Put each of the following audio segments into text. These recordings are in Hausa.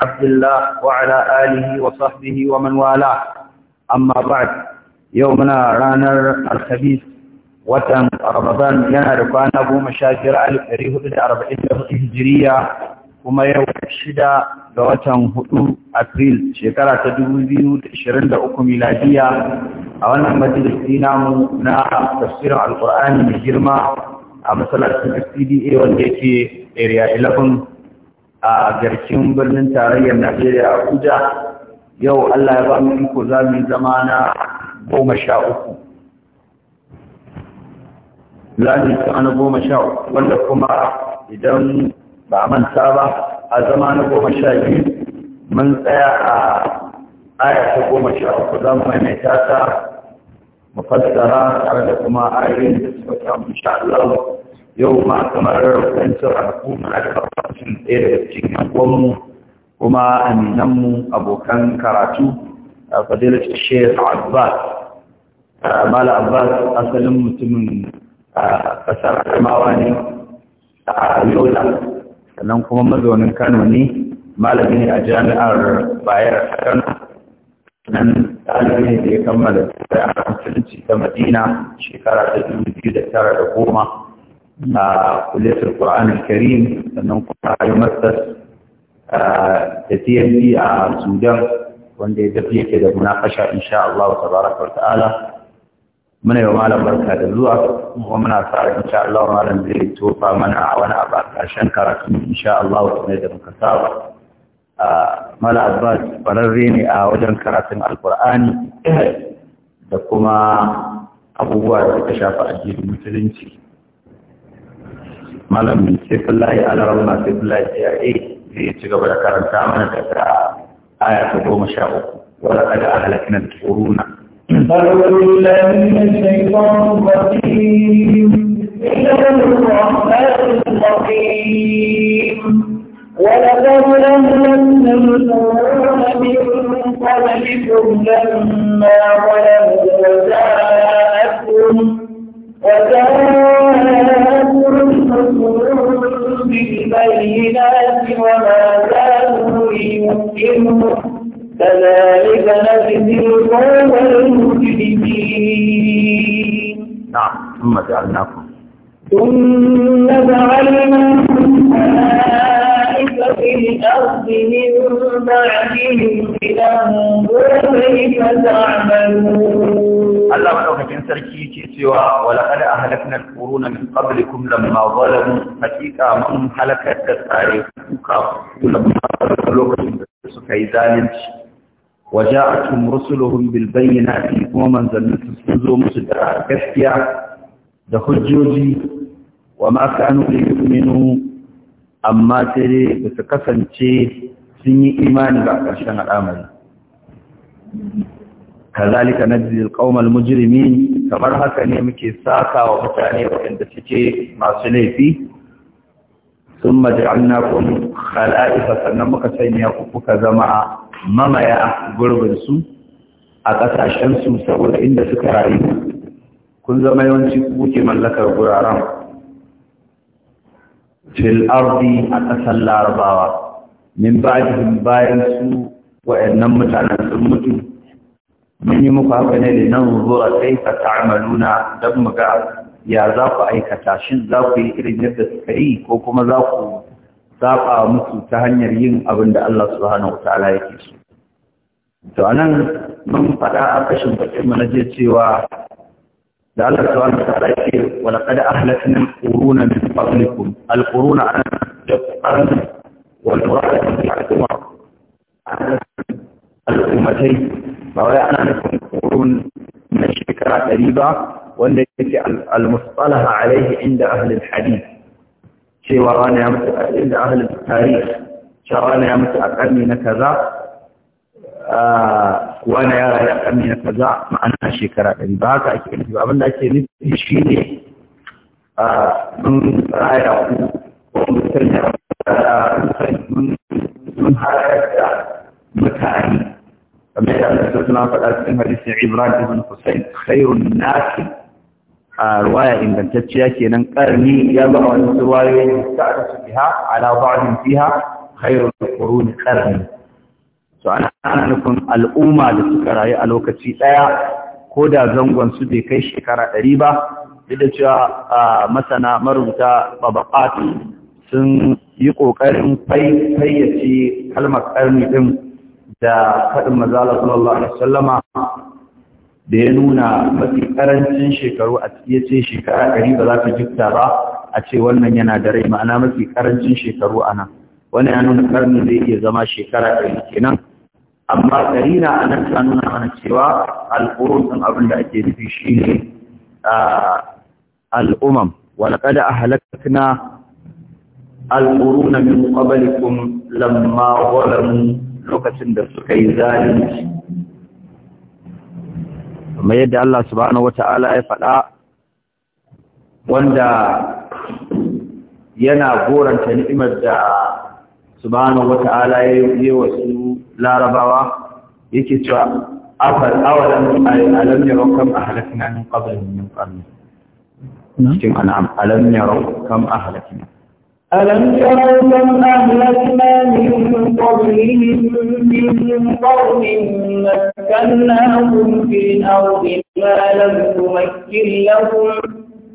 عبد الله وعلى آله وصحبه ومن والاه أما بعد يومنا رانر الخبيث yana da kwana goma sha biyar alif ɗari hudu da arba'in da hudu hijiriya kuma yau shida ga watan hudu Afril shekara ta dubu biyu da ashirin da uku miladiya a wannan majalisi namu na tafsirin alkur'ani mai girma a masallacin wanda yake area 11 a garkin birnin tarayyar Najeriya Abuja yau Allah ya ba mu iko za mu zama na goma sha uku. Za mu zama na goma sha uku wanda kuma idan ba manta ba a zama na goma sha biyu mun tsaya a aya ta goma sha uku za mu maimaita ta mu fassara tare da kuma ayoyin da suka samu insha Allah yau ma kamar wancan rabu muna da farfashin ɗaya daga cikin yankuwanmu kuma aminanmu abokan karatu a fadilar shekh abbas mala abbas asalin mutumin a ƙasar kamawa ne a yola sannan kuma mazaunin kano ne malami ne a jami'ar bayar kano nan ɗalibi ne da ya kammala da musulunci ta madina shekara ta dubu da goma a kuletar ƙura'anin karim sannan kuma a masar da tmp a sudan wanda ya tafi yake da munakasha insha Allah wa tabaraka wa ta'ala muna yi malam barka da zuwa kuma muna sa insha Allah malam zai tofa mana a wani abu a ƙarshen karatu insha Allah kamar da muka saba mala abbas fararre ne a wajen karatun alkur'ani da kuma abubuwa da suka shafa addinin musulunci malamin sefullahi ala rabbuna sefullahi CIA zai ci gaba da karanta mana daga aya ta goma sha uku wala kada ahalakina da turuna. ولقد أهلكنا القرون من قبلكم لما ظلموا وجاءتهم بالبينات وما كانوا ليمكنهم كذلك نجزي القوم المجرمين نعم ثم جعلناكم ثم جعلناكم Allah maɗaukacin sarki ke cewa walakada a halakunan koro na mifabalikun lamma walarun hakika mun halakar da tsare suka lokacin da suka yi zalunci. Waje a cikin rusulohun bilbai yana fi kuma manzannin sun zo musu da gaskiya da hujjoji wa masu anu da yi amma sai dai ba su kasance sun yi imani ga ƙarshen al'amari kazalika jirgin ƙaumar mujirmi, kamar haka ne muke saka wa mutane waɗanda suke masu laifi Sun thumma ja'alnakum khala'ifa sannan muka sanya ku kuka zama mamaya gurbin a ƙasashensu saboda inda suka rayu kun zama yawanci kuke mallakar guraren fil ardi a ƙasar larabawa min ba'dihim bayan su wa'annan mutanen sun mutu mun yi muku haka ne da nan zuwa sai ka na don mu ga ya za ku aikata shin za ku yi irin yadda suka yi ko kuma za ku saba musu ta hanyar yin abin da Allah subhanahu wataala yake so to anan mun faɗa a kashin bakin mu na je cewa da Allah subhanahu wa ta'ala yake wa laqad ahlakna quruna min qablikum al quruna an da wal qurana bi'atum ba wai ana nufin ƙurun na shekara ɗari ba wanda yake al mustalaha alaihi inda ahli hadith cewa rana ya mutu inda ahli al cewa rana ya mutu a ƙarni na kaza wani yara ya kame na kaza ma'ana shekara ɗari ba haka ake nufi abin da ake nufi shi ne mun raya ku ko mun haɗar da mutane kamar yadda Allah suna faɗa cikin hadisin Ibrahim ibn Hussein khairun nasi a ruwaya ingantacciya kenan karni ya zama wani ruwayoyin da aka su biha ala ba'din fiha khairul quruni qarni so ana nufin al'umma da suka rayu a lokaci ɗaya ko da zangon su bai kai shekara ɗari ba duk da cewa masana marubuta babakatu sun yi ƙoƙarin fayyace kalmar ƙarni ɗin da faɗin mazala sallallahu alaihi sallama da ya nuna mafi ƙarancin shekaru a ya ce shekara ɗari ba za ta jikta ba a ce wannan yana da rai ma'ana mafi ƙarancin shekaru a nan wannan ya nuna ƙarni zai iya zama shekara ɗari kenan amma karina a nan ta na mana cewa al'urun ɗin abin da ake nufi shi ne al'umam walaƙad a halakna al'uruna min ƙabalikun lamma walamu lokacin da suka yi zalunci kuma yadda Allah subhanahu wata'ala ya faɗa wanda yana goranta ni'imar da subhanahu wata'ala ya yi wasu larabawa yake cewa afal awalan alam yarau kam ahlakna min qablihim min qarni cikin an'am alam yarau kam ahlakna ألم يروا كم أهلكنا من قبلهم من قرن مكناهم في الأرض ما لم تمكن لهم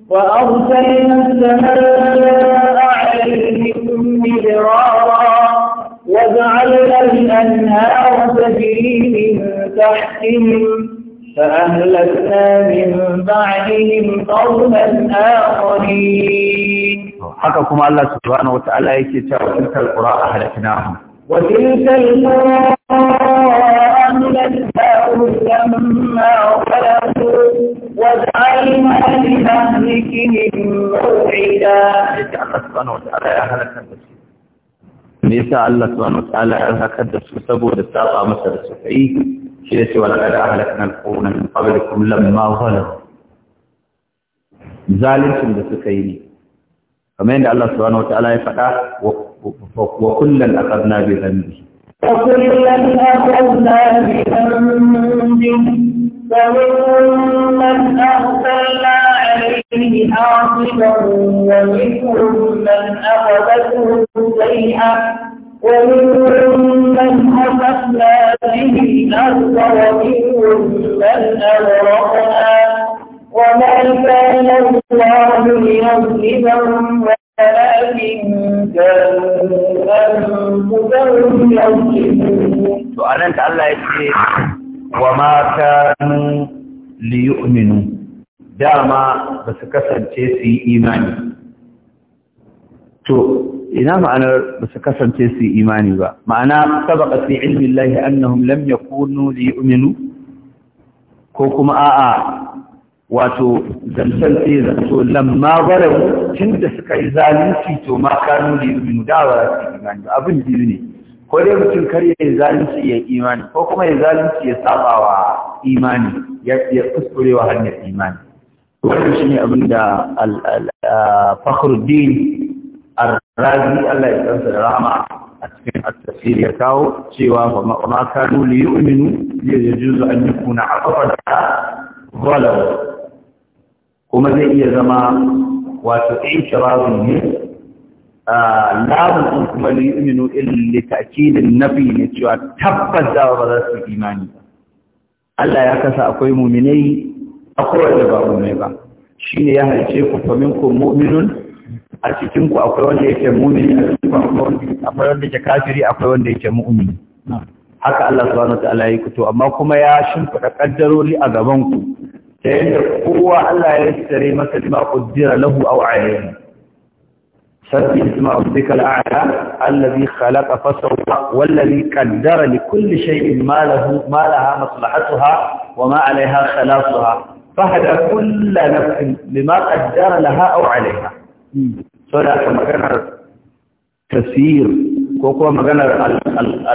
وأرسلنا السماء عليهم مدرارا وجعلنا الأنهار تجري من تحتهم فأهلكنا من بعدهم قوما آخرين حقكم الله سبحانه وتعالى يكتب تلك القرى أهلكناهم وتلك القرى أهلكناهم لما خلقوا وجعلنا لأهلكهم موعدا. سبحانه وتعالى أهلكنا me sa Allah subhanahu wataala ya halakar da su saboda saba masa da suka yi shi da cewa laqad ahlakna al-qawma min qablikum lamma zalamu zalincin da suka yi ne kamar yadda Allah subhanahu wataala ya faɗa wa kullan aqadna bi dhanbi wa kullan aqadna bi dhanbi fa minhum man arsalna عليه حاصبا ومنهم من أخذته السيئة ومنهم من خسفنا به الأرض ومنهم من أغرقنا وما كان الله ليظلمهم to anan ta Allah ya ce wa ma kanu li dama ba su kasance su yi imani to ina ma'anar ba su kasance su yi imani ba ma'ana sabaka fi ilmin lahi annahum lamya yakunu li uminu ko kuma a'a wato zancen sai zanto lamma barabu tun da suka yi zalunci to ma kanu li uminu da ba su imani ba abin biyu ne ko dai mutum kar ya yi zalunci ya imani ko kuma ya zalunci ya sabawa imani ya kuskurewa hanyar imani wannan shi ne abin da fakhruddin arrazi Allah ya da rahama a cikin at-tafsir ya kawo cewa wa ma kanu li yu'minu yajuzu an yakuna aqfada zalam kuma zai iya zama wato intirazun ne lamun kuma li yu'minu illa ta'kidin nabi ne cewa tabbas da ba za su imani Allah ya kasa akwai muminai akwai da ba muminai ba Shi ne ya halice ku fa minkum mu'minun a cikinku akwai wanda yake mu'mini a cikin akwai wanda yake kafiri akwai wanda yake mu'mini haka Allah subhanahu wataala ya kuto amma kuma ya shimfida kaddaroli a gaban ku ta yadda kowa Allah ya tsare masa lima qaddara lahu aw alayhi sabbi isma rabbika al'a alladhi khalaqa fasawwa wallazi qaddara li kulli shay'in ma lahu ma laha maslahatuha wa ma 'alayha khalaquha fahada kulla nafsin lima qaddara laha aw alaiha so da maganar tasir ko kuma maganar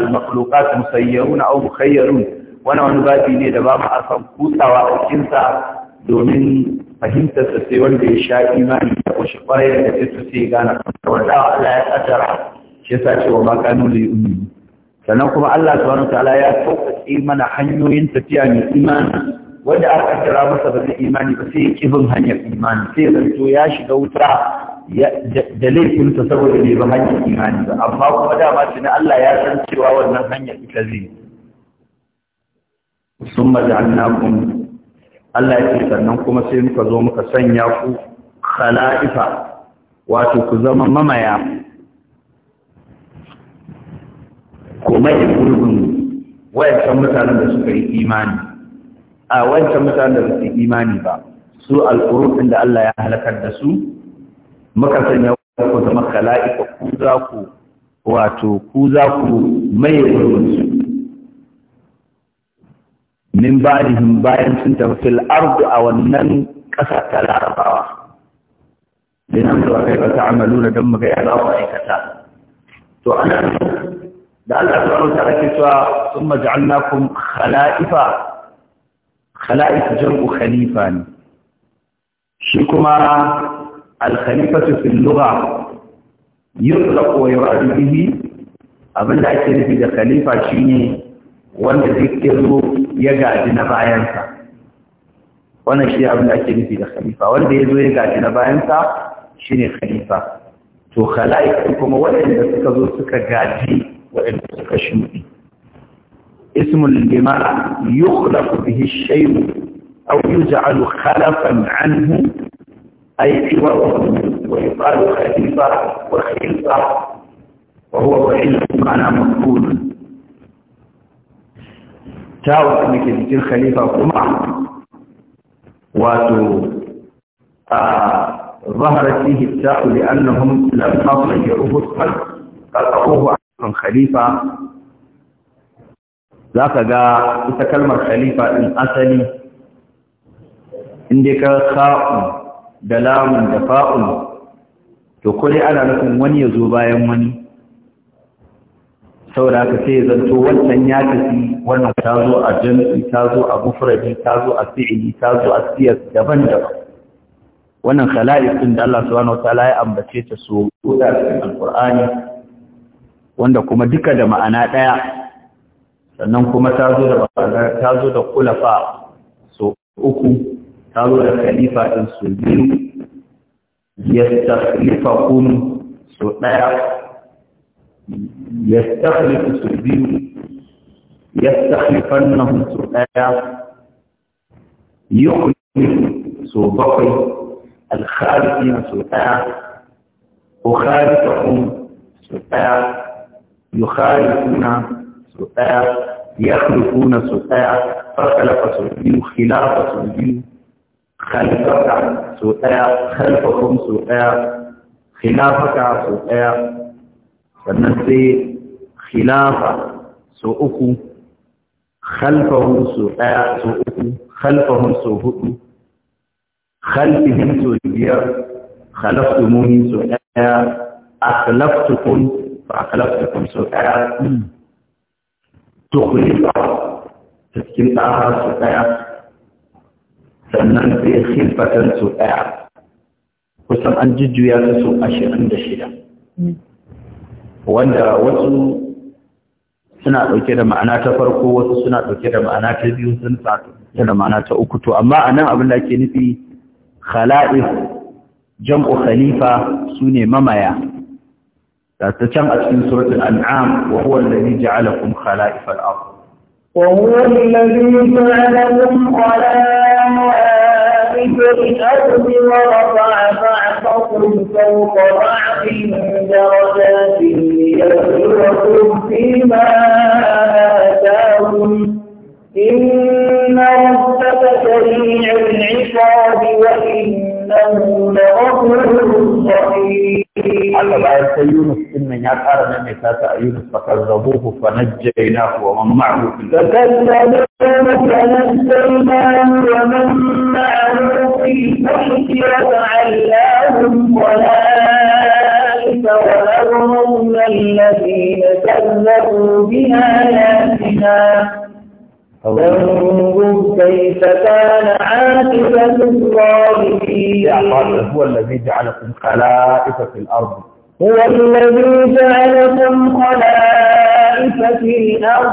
al-makhluqat musayyaruna aw mukhayyarun wannan wani babi ne da ba mu asan kutsawa a cikin domin fahimtar sa sai wanda ya sha imani da kushi kwarai da sai su sai gana wanda Allah ya kaddara shi yasa cewa ma kanu li ummi sannan kuma Allah subhanahu wa ta'ala ya sauƙaƙe mana hanyoyin tafiya mai imani wanda aka kaddara masa ba zai imani ba sai ya ki bin hanyar imani sai ya zanto ya shiga wuta da laifinsa saboda bai bi hanyar imani ba amma kuma dama tuni Allah ya san cewa wannan hanyar ita zai sun maja'annakum Allah ya ce sannan kuma sai muka zo muka sanya ku khala'ifa wato ku zama mamaya ko mai gurbin wayancan mutanen da suka yi imani a wancan mutanen da suke imani ba su alƙurufin da Allah ya halakar da su muka sanya ku zama makala'ika ku za ku wato ku za ku maye gurbinsu min ba'dihim bayan sun tafi fil ardu a wannan ƙasa ta larabawa da nan da kai ta amalu don muga ya za ku aikata to ana da Allah ta rubuta ake cewa sun maja'alnakum khala'ifa khala'ik jam'u khalifa ne shi kuma al-khalifatu fil lugha yutlaqu wa yuradu bihi abinda ake nufi da khalifa ya gaji na bayansa wannan shi abin wanda ya zo gaji na bayansa suka gaji suka shuɗi اسم لما يخلق به الشيء أو يجعل خلفا عنه أي حواره ويقال خليفة وخليفة وهو وإلا معنى مفعول تاو أنك تجير خليفة قمع واتو آه ظهرت فيه التاء لأنهم لم الصلب قطعوه عن خليفة za ka ga ita kalmar khalifa ɗin asali inda ka sa’u da lamun da fa’u to kuri ana nufin wani ya zo bayan wani saboda haka sai ya zanto wancan ya tafi wannan ta zo a jami'i ta zo a mufradi ta zo a fi'ili ta zo a siya daban-daban wannan khala'iq da Allah subhanahu wataala ya ambace ta so da cikin alqur'ani wanda kuma duka da ma'ana ɗaya. sannan kuma ta zo da ta zo da kulafa so uku ta zo da khalifa din su biyu yastakhlifakum so daya yastakhlifu su biyu yastakhlifannahum so daya yukhlifu so bakwai alkhalifina so daya ukhalifuhum so daya yukhalifuna سؤال يخلقون سؤال فخلق سؤال خلاف سؤال خلفك سؤال خلفكم سؤال خلافك سؤال فنسي خلاف سؤال خلفهم سؤال سؤال خلفهم سؤال خلفهم سؤال خلفتموهم سؤال أخلفتكم فأخلفتكم سؤال tukhlifa ta cikin ɗahar su ɗaya sannan sai khilfatan su ɗaya kusan an jujjuya su su ashirin da shida wanda wasu suna ɗauke da ma'ana ta farko wasu suna ɗauke da ma'ana ta biyu sun ɗauke da ma'ana ta uku to amma a nan abin da ake nufi khala'if jam'u khalifa su ne mamaya تتشمع في سورة الأنعام وهو الذي جعلكم خلائف الأرض وهو الذي جعلكم خلائف الأرض ورفع بعضكم فوق بعض درجات ليبلغكم فيما آتاكم إن ربك سريع العقاب وإن إنه لغفور رحيم haka bayan sai Yunus din nan ya ƙara nan mai tata a Yunus fa kazzabuhu fa najjaynahu wa man ma'ahu fil ardi kazzabuhu fa najjaynahu wa man ma'ahu fil ardi wa ja'alnahum khala'ifa wa aghraqna alladhina kazzabu bi ayatina فانظر كيف كان عاقبة الظالمين هو الذي جعلكم خلائف في الأرض هو الذي جعلكم خلائف في الأرض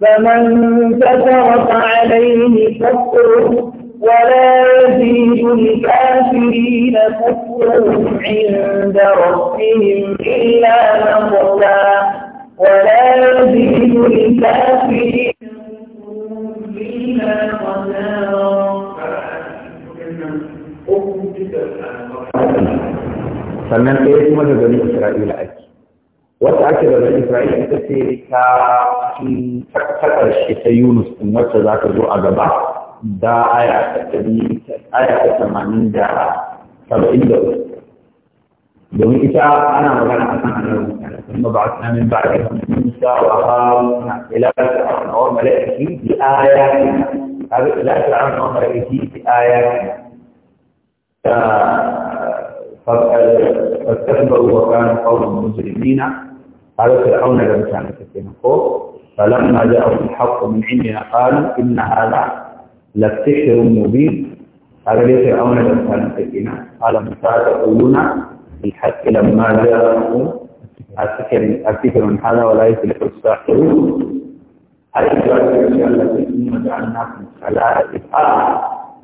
فمن كفر فعليه كفره ولا يزيد الكافرين كفرهم عند ربهم إلا مقتا ولا يزيد الكافرين فيها sannan ɗaya kuma da gani isra'ila ake wata ake da gani isra'ila ita ce ta ta ƙarshe ta yunus ɗin wacce za ka zo a gaba da aya ta tamanin saba'in da uku domin ita ana magana a kan annabi kuma ba a min ba da Musa wa Harun ila fir'auna wa mala'iki bi ayatina kaga ila fir'auna mala'iki bi فاستكبروا وكانوا قوما مجرمين قال فرعون لم كان سكينا فلما جاءوا الحق من عندنا قالوا ان هذا لسحر مبين قال لي فرعون لم كان سكينا قال موسى تقولون الحق لما جاءهم الفكر من هذا ولا يفلح الساحرون جعلناكم خلائف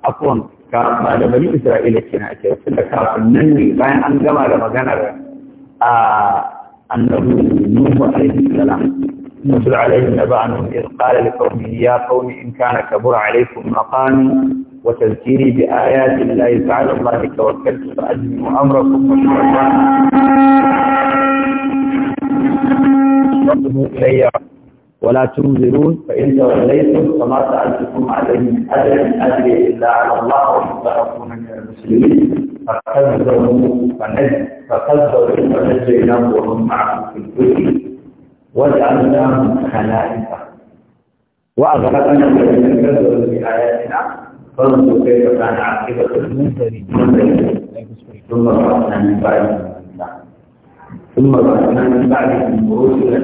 عفوا malamai isra'ila kina ce tunda kafin nan ne bayan an gama da maganar a annabi nuhu alaihi salam نزل عليهم نبأ إذ قال لقومه يا قوم إن كان كبر عليكم مقامي وتذكيري بآيات الله تعالى الله توكلت فأجمع أمركم وشركاء إلي ولا تنظرون فإن توليتم فما سألتكم عليه من أجر أجري إلا على الله وإن من المسلمين فقدروا فكذبوا فنجيناهم وهم معه في الدنيا وجعلناهم خلائف وأغلقنا الذين كذبوا بآياتنا فانظر كيف كان عاقبة المنذرين ثم من بعدهم ثم من بعدهم رسلا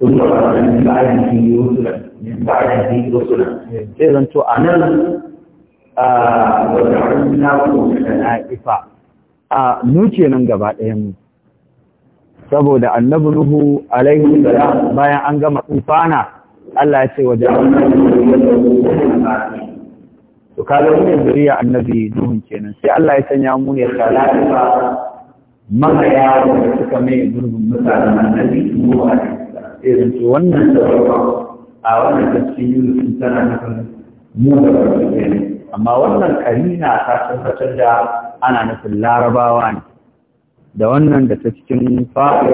ثم من بعدهم رسلا من رسلا إذا gaba ɗayan saboda annabi nuhu alaihi salam bayan an gama tsufana Allah ya ce wajen to kaga wannan zuriya annabi nuhun kenan sai Allah ya sanya mu ne salatu mahaya da suka mai gurbin a annabi nuhu irin to wannan a wannan tafsirin sun tana nufin mu da kenan amma wannan karina ta tabbatar da ana nufin larabawa ne da wannan da ta cikin fa'ir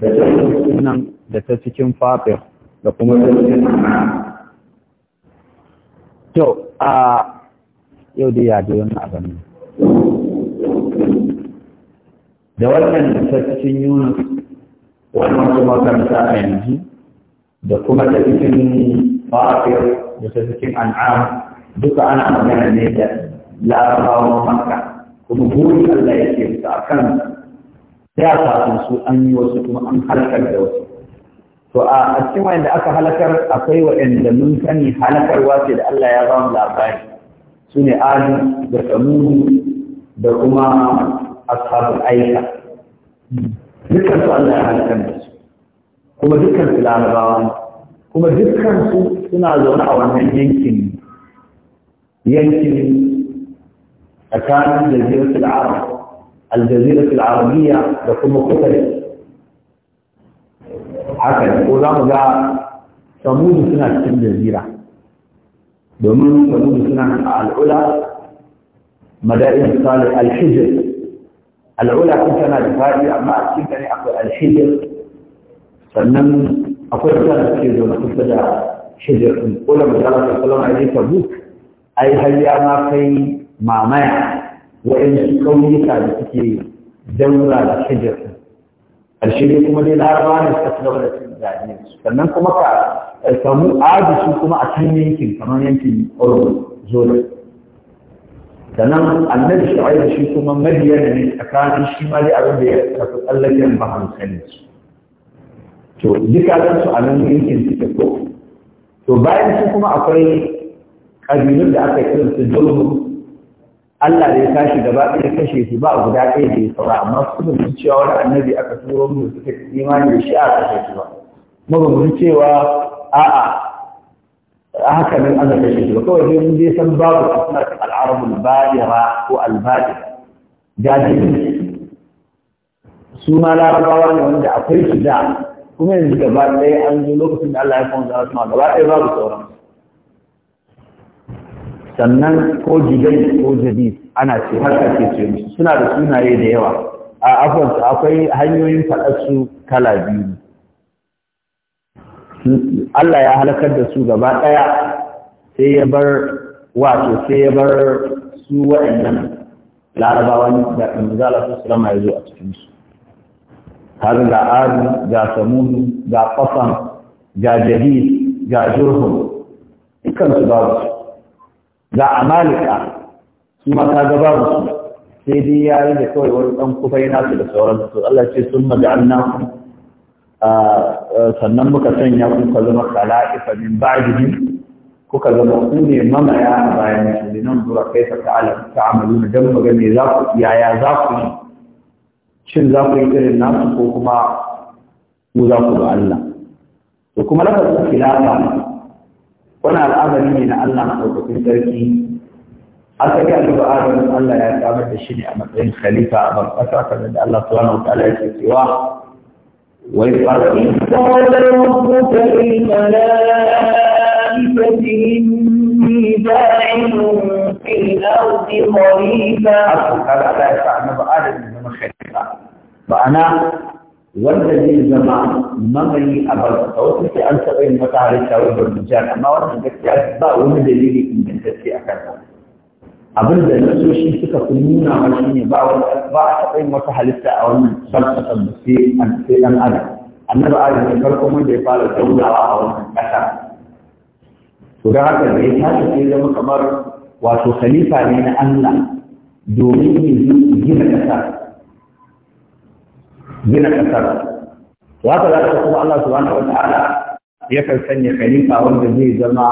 da ta cikin da ta cikin fa'ir da kuma ta cikin to a yau dai yadda dai wannan abin da wannan cikin yunus wannan kuma karanta a yanzu da kuma ta cikin ma'afir da ta cikin an'am duka ana magana ne da larabawan maka kuma buri Allah ya musu a kan ya kafin su an yi wasu kuma an harkar da wasu to a cikin wanda aka halakar akwai waɗanda mun sani halakarwa ce da Allah ya ba mu labari su ne adu da samudu da kuma ashabul aika dukkan su Allah ya halakar da su kuma dukkan su larabawa kuma dukkan su suna zaune a wannan yankin yankin tsakanin jaziratul arab al-jaziratul arabiyya da kuma kufa haka ne, ko za mu ga samudu suna cikin jazira domin samudu suna nan a al'ula madarin salih al-hijr al'ula sun tana da fadi amma a cikin gani akwai al sannan akwai da cikin zuwa kusa da hijr din kula mu da Allah sallallahu alaihi wasallam ai har ya ma kai mamaya wa'in kauyuka da suke daura da hijr ƙarshe dai kuma dai laraba ne suka ci gaba da cin zaɓe sannan kuma ka samu ajisu kuma a can yankin kamar yankin urdu zola sannan annabi shu'aib shi kuma madiyana ne tsakanin shi ma dai abin da ya rasu tsallaken bahar sani to duka su a nan yankin suke ko to bayan su kuma akwai ƙabilun da aka yi kiransu dolmu Allah da ya tashi gaba ɗaya kashe su ba guda ɗaya da ya saura amma su ba su cewa wani annabi aka turo mu suka imani da shi a kashe su ba kuma ba mu cewa a'a a haka nan aka kashe su ba kawai sai mun dai san babu a suna al'arabul ba ko al-badir jajiri su ma larabawa ne wanda akwai su da kuma yanzu gaba ɗaya an zo lokacin da Allah ya kuma ma gaba ɗaya babu sauransu sannan ko jigai ko jadi ana ce haka ke ce musu suna da sunaye da yawa a afon akwai hanyoyin faɗarsu kala biyu Allah ya halakar da su gaba ɗaya sai ya bar wato sai ya bar su waɗannan larabawan da ɗanzala su rama ya zo a cikinsu har ga adu ga samudu ga ƙasan ga jadi ga jurhun dukansu babu su ga amalika su ma ka ga babu su sai dai yi da kawai wani ɗan kufa yana su da sauran su Allah ce sun maja'alna ku sannan muka sanya ku ka zama khala'ifa min jini kuka zama ku ne mamaya a bayan su ne nan zuwa kai ta ta'ala ta'amaluna dan maga me za ku yaya za ku yi shin za ku yi irin nasu ko kuma ku za ku ga Allah to kuma lafazin khilafa wani al'amari ne na Allah maɗaukakin sarki asali a duba adamin Allah ya samar da shi ne a matsayin khalifa a barkasa kamar da Allah subhanahu wa ta'ala ya ce cewa wai fara إني داعم في الأرض خليفة أصل هذا لا يفعل بآدم من خليفة فأنا wanda zai zama mamayi a barka wasu sai an taɓa yin mata halitta wa barbijan amma wannan gaskiya ba wani dalili ingantacce a kansa abin da nasoshi suka fi nuna wa shi ne ba a taɓa yin wata halitta a wannan salsasan da sai ɗan adam annabi adam ne farkon wanda ya fara zaurawa a wannan ƙasa to da haka da ya tashi sai zama kamar wato khalifa ne na Allah domin yin gina ƙasa gina ƙasar to haka za ka kuma Allah subhanahu wata'ala kan sanya khalifa wanda zai zama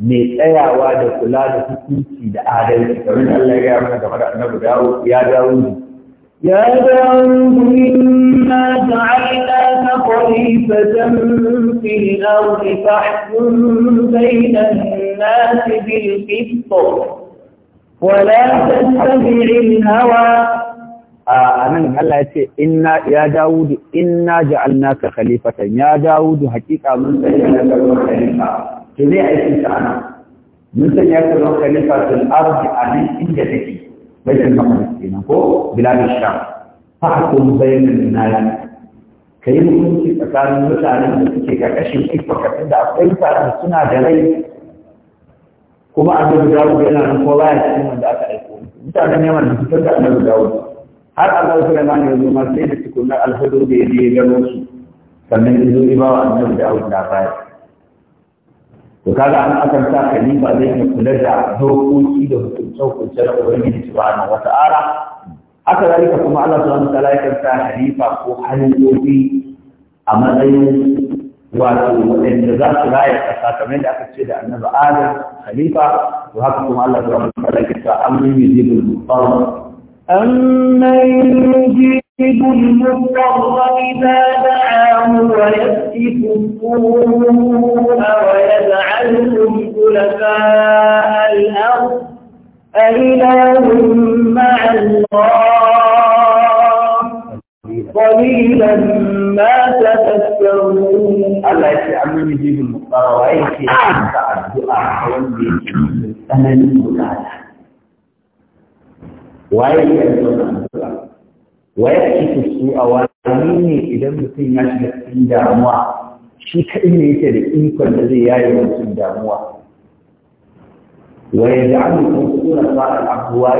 mai tsayawa da kula da hukunci da adalci kamar Allah ya mana game da annabi dawo ya dawo يا ta إنا جعلناك خليفة ta الأرض فاحكم بين الناس بالقسط ولا تتبع الهوى a nan Allah ya ce inna ya Dawudu inna ja'alnaka khalifatan ya Dawudu hakika mun sanya ka zama khalifa to ne aikin ta ana mun sanya ka zama khalifa fil ardi amin inda take baitul ka kenan ko bilal sham fahkum bainan nas kai hukunci tsakanin mutanen da suke karkashin ikfaka da akwai mutanen suna da rai kuma annabi Dawud yana nan kowa ya cikin wanda aka aiko mutanen Yaman da fitar da annabi Dawud har Allah Sulaiman ya yanzu ma sai da tukunan alhudu da ya biye gano su sannan ya zo iba wa annabi da abin baya. to kaga an akan sa khalifa zai yi kula da dokoki da hukunce hukunce na ubangiji wata ara haka ka kuma Allah subhanahu ta'ala ya kanta sa khalifa ko halifofi a matsayin wato waɗanda za su raya a sakamai da aka ce da annabi Adam khalifa to haka kuma Allah subhanahu ta'ala ya kanta amrin amrun yuzibul mutarra أمن يجيب المضطر إذا دعاه ويسكت السوء ويجعلكم خلفاء الأرض أإله مع الله قليلا ما تتذكرون أَلَّا يسعى يجيب المضطر ويسكت الدعاء ويسكت السنن waye ya yi wannan addu'a waye ake su a wani ne idan mutum ya shiga cikin damuwa shi kaɗai ne yake da ikon da zai yaye mutum damuwa waye da an mutum suna fara abuwa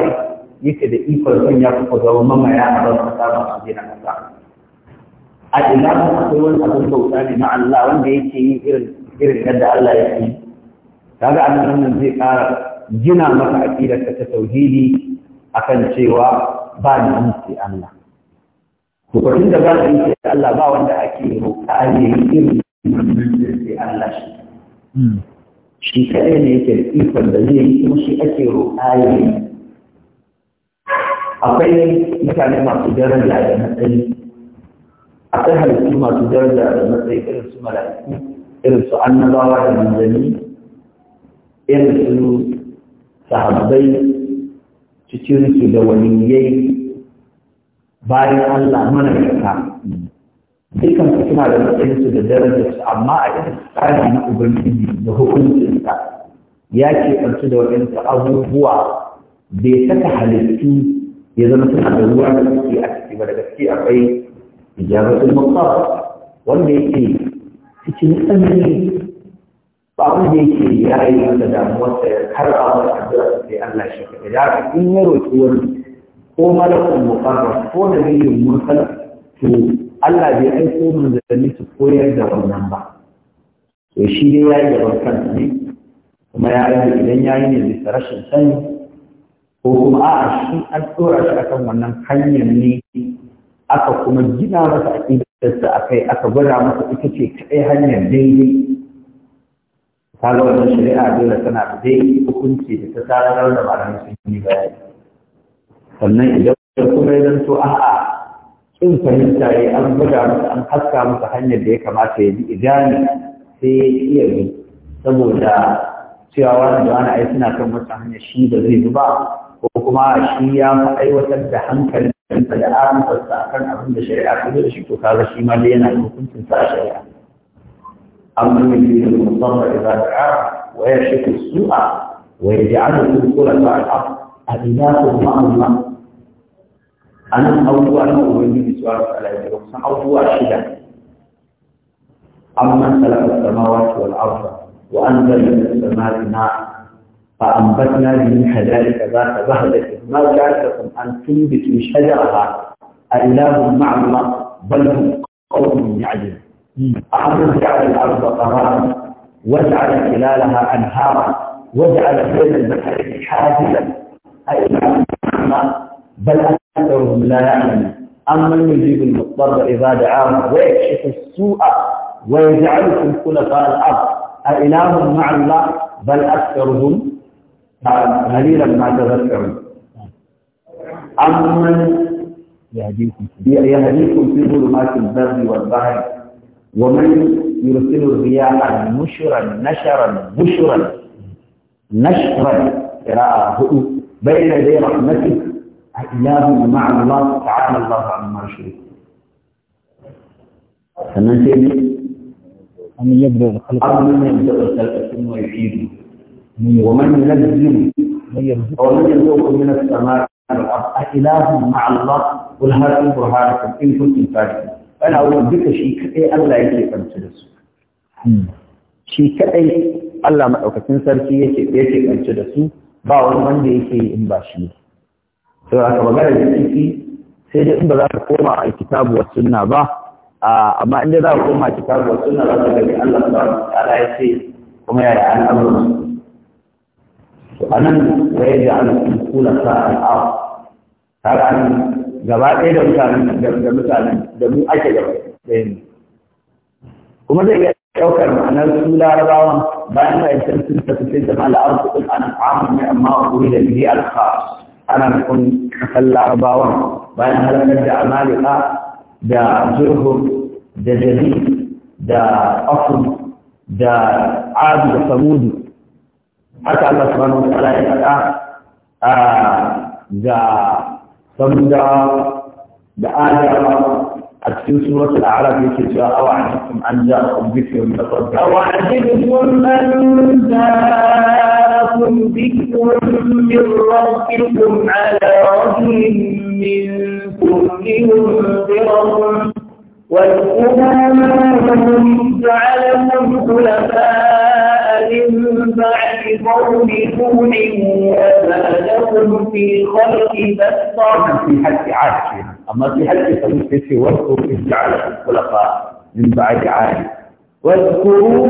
yake da ikon sun ya kuka zama mamaya a ban kasa ba su gina kasa a ina ba akwai wani abin bauta ne na Allah wanda yake yi irin irin yadda Allah ya yi kaga annabi nan zai ƙara gina maka aqidar ta tauhidi akan cewa ba ni sai Allah lokacin da ba ni sai Allah ba wanda ake roƙa ne irin sai Allah shi hmm. shi kaɗai ne yake da ikon da zai yi kuma shi ake roƙa ne akwai mutane masu daraja da matsayi akwai halittu masu daraja da matsayi irin su mala'iku irin su annabawa da manzanni irin su sahabbai cikin su da waliyai bayan Allah mana kyauta dukkan su suna da matsayin su da darajar su amma a irin tsari na ubangiji da hukuncin sa ya ke ɗauki da waɗansu abubuwa bai saka halittu ya zama suna da ruwa da suke a ciki ba da gaske akwai ijabatul muqtar wanda yake cikin tsanani ba wanda yake yayi da damuwarsa ya karɓa masa addu'a sai Allah shi ka ya in ya roƙi wani ko malakun mukarra ko da nabiyyin mursal to Allah bai aiko ni su koyar da wannan ba to shi dai yayi yi gaban ne kuma ya aiki idan yayi yi ne bisa rashin sani ko kuma a'a shi an tsora shi akan wannan hanyar ne aka kuma gina masa aƙidarsa akai aka gwada masa ita ce kaɗai hanyar daidai ta wannan shari'a dole tana da dai hukunci da ta tsarar da malamai sun yi bayani sannan idan kuma ya zanto a'a in fahimta ya an buga masa an haska masa hanyar da ya kamata ya bi idani sai ya iya bi saboda cewa wani da wani ai suna kan wata hanya shi ba zai bi ba ko kuma shi ya fi aiwatar da hankalin da amintarsa a kan abin da shari'a ta zo da shi to kaga shi ma dai yana da hukuncin sa a shari'a أما يريد المضطر إذا دعاه ويشك السوء ويجعله خلفاء الأرض أإله مع الله أنا أول أؤمن بسؤال على يدك أول شدة أما خلق السماوات والأرض وأنزل من السماء ماء فأنبتنا من حدائق ذات بهجة ما جعل لكم أن تنبتوا شجرها أإله مع الله بل هم قوم يعجبون أعطي جعل الأرض قرارا واجعل خلالها أنهارا واجعل بين البحرين حافلا أي نعم، بل أكثرهم لا يعلمون أمن يجيب المضطر إذا دعاه ويكشف السوء ويجعلكم خلفاء الأرض أإله مع الله بل أكثرهم قليلا ما تذكرون أمن يهديكم في ظلمات البر والبحر ومن يرسل الرياح نشرا نشرا بشرا نشرا قراءة بين يدي رحمتك إله مع الله تعالى الله عما يشرك فمن أن يبدأ الخلق من يبدأ الخلق ثم يعيده ومن ينزل ومن يرزقكم من السماء والأرض أإله مع الله قل هاتوا برهانكم إن كنتم صادقين wani abubuwan duka shi kaɗai Allah yake ɓance da su hmm. shi kaɗai Allah maɗaukacin sarki yake yake ɓance da su ba wani wanda yake yi in ba shi to aka magana da ciki sai dai in ba za ka koma a kitabu wa sunna ba amma in dai za ka koma a kitabu wa sunna za ka gani Allah subhanahu a ta'ala ya ce kuma ya da al'amuru to a nan anan wa yaj'alu kullu sa'al ardh kaga gaba ɗaya da mutanen da mutanen da mu ake gaba ɗaya ne kuma zai iya ɗaukar ma'anar su larabawan bayan wa'ancan sun tafi sai zama la'arku ɗin ana amun mai amma a kuri da ni alfa ana nufin kasar larabawan bayan halakar da amalika da zurhu da jari da afur da abu da samudu haka Allah subhanahu wa ta'ala ya faɗa ah, ga saboda da aya a cikin surat al-a'raf yake cewa aw ankum an ja'akum dhikrun min rabbikum aw antum an ja'akum dhikrun min rabbikum ala rajulin minkum liyunzirakum وَالْقُرْآنُ جَعَلَكُمْ خُلَفَاءَ من بعد قوم نوح وما لهم في الخلق بسطة في حد عاد أما في حد فمستشي واذكر إذ جعلكم خلفاء من بعد عاد واذكروا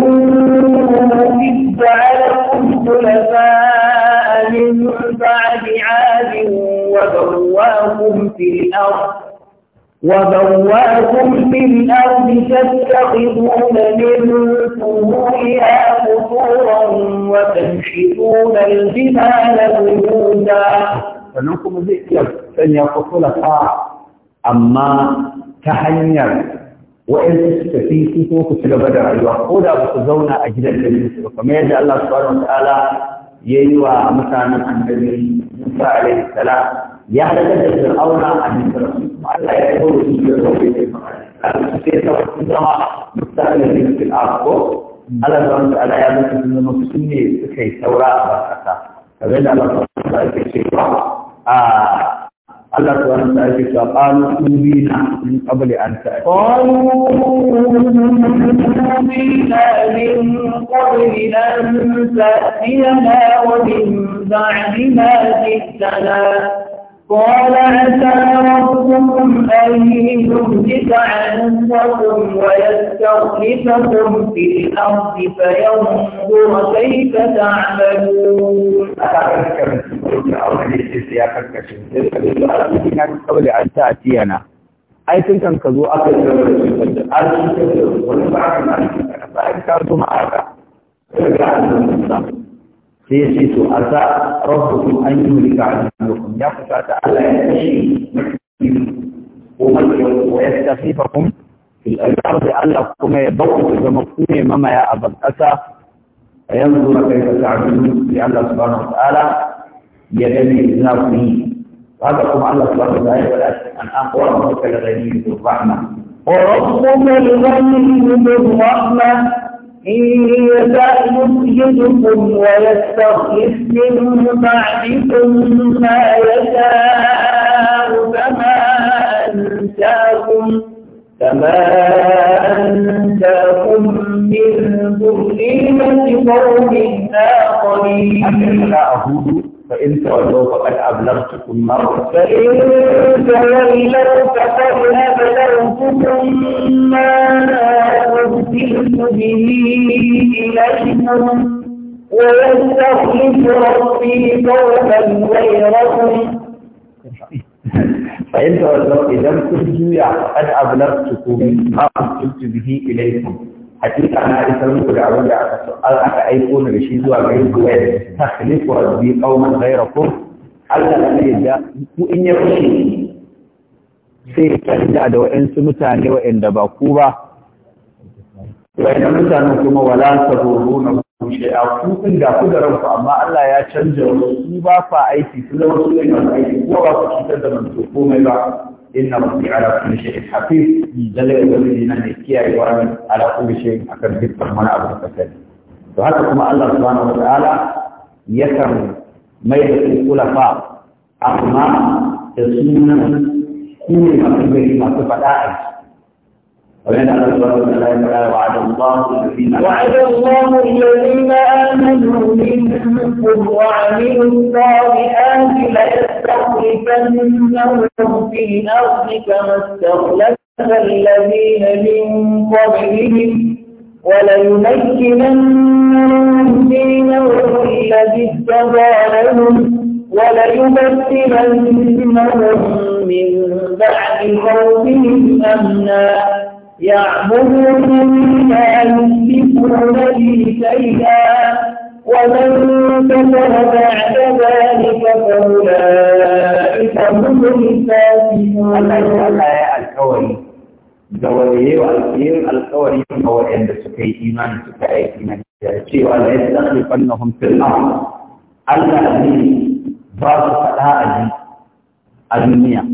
إذ جعلكم خلفاء من بعد عاد وبواكم في الأرض وبواكم من أرض تتخذون من فهوئها قصورا وتنشئون الجبال بيوتا فنكم ذكر أن يقصل فاع أما تهنيك وإن تستفيك فوق تلبد عدوى قولا وتزونا أجل الجنسل فما يجعل الله سبحانه وتعالى ينوى مثلا عن النبي موسى عليه السلام ya daga da fir'auna a misra Allah ya kawo shi da kawai sai ta wasu zama mutane da ko Allah ya zama Allah ya zama sun zama su ne suka yi saura a barkata kamar da Allah ta yake cewa a Allah ta wani ta yake cewa qalu ubina min qabli an ta'a qalu ubina min qabli an ta'tiyana wa min ba'di ma ji'tana قال أتى ربكم أن يهدك عنكم ويستخلفكم في الأرض فينظر كيف تعملون. قبل أن تأتينا ai tun kan ka zo aka yi da ليس يسوء أتى ربكم أن يملك عدوكم يقف أتى على أي في الأرض ألا كما يبقوا إذا مما يا أبا أتى ينظر كيف تعبدون لأن سبحانه وتعالى يدني إذنه فهذاكم على سبحانه وتعالى أن أقوى ربك لغيره بالرحمة ورب الغيب بالرحمة إن يشأ يسجدكم ويستخلف من بعدكم ما يشاء كما أنشاكم كما أنشاكم من ذرية قوم آخرين. فإن تولوا فقد أبلغتكم مرة فإن تولوا فقد أبلغتكم ما أرسلت به إليكم ويستخلف ربي قوما غيركم فإن تولوا إذا كنت جويا فقد أبلغتكم ما أرسلت به إليكم hakika na isar muku da abin da aka aiko ni da shi zuwa gare ku wai tahlifu rabbi qauman ghayrakum Allah ne da ku in ya fushi sai ka da da waɗansu mutane wa'inda ba ku ba waɗanda mutane kuma wala saburu ku kushe. ku kun da ku da ranku amma Allah ya canja wasu ba fa aiki su zama su ne masu aiki ko ba ku cutar da mantu komai ba inna rabbi ala kulli shay'in hafiz lalle ubangiji na ne kiyayewa ala kulli shay'in akan dukkan mana abu da kake to haka kuma Allah subhanahu wa ta'ala yakan mai da kulafa amma da sunan kuma masu gari masu faɗa a وعد الله الذين آمنوا منكم وعملوا الصالحات ليستخلفنهم في الأرض كما استخلف الذين من قبلهم وليمكنن دينهم الذي ارتضى لهم وليبدلنهم من بعد خوفهم أمنا يعبدون ما يسلكون به شيئا ومن كفر بعد ذلك فاولئك هم الفاسقون زوجه والكير الثوري هو عند سكى إيمان سكى آية إيمان شيء ولا يستغرب أنهم في الأرض ألا أني بعض فتاة الدنيا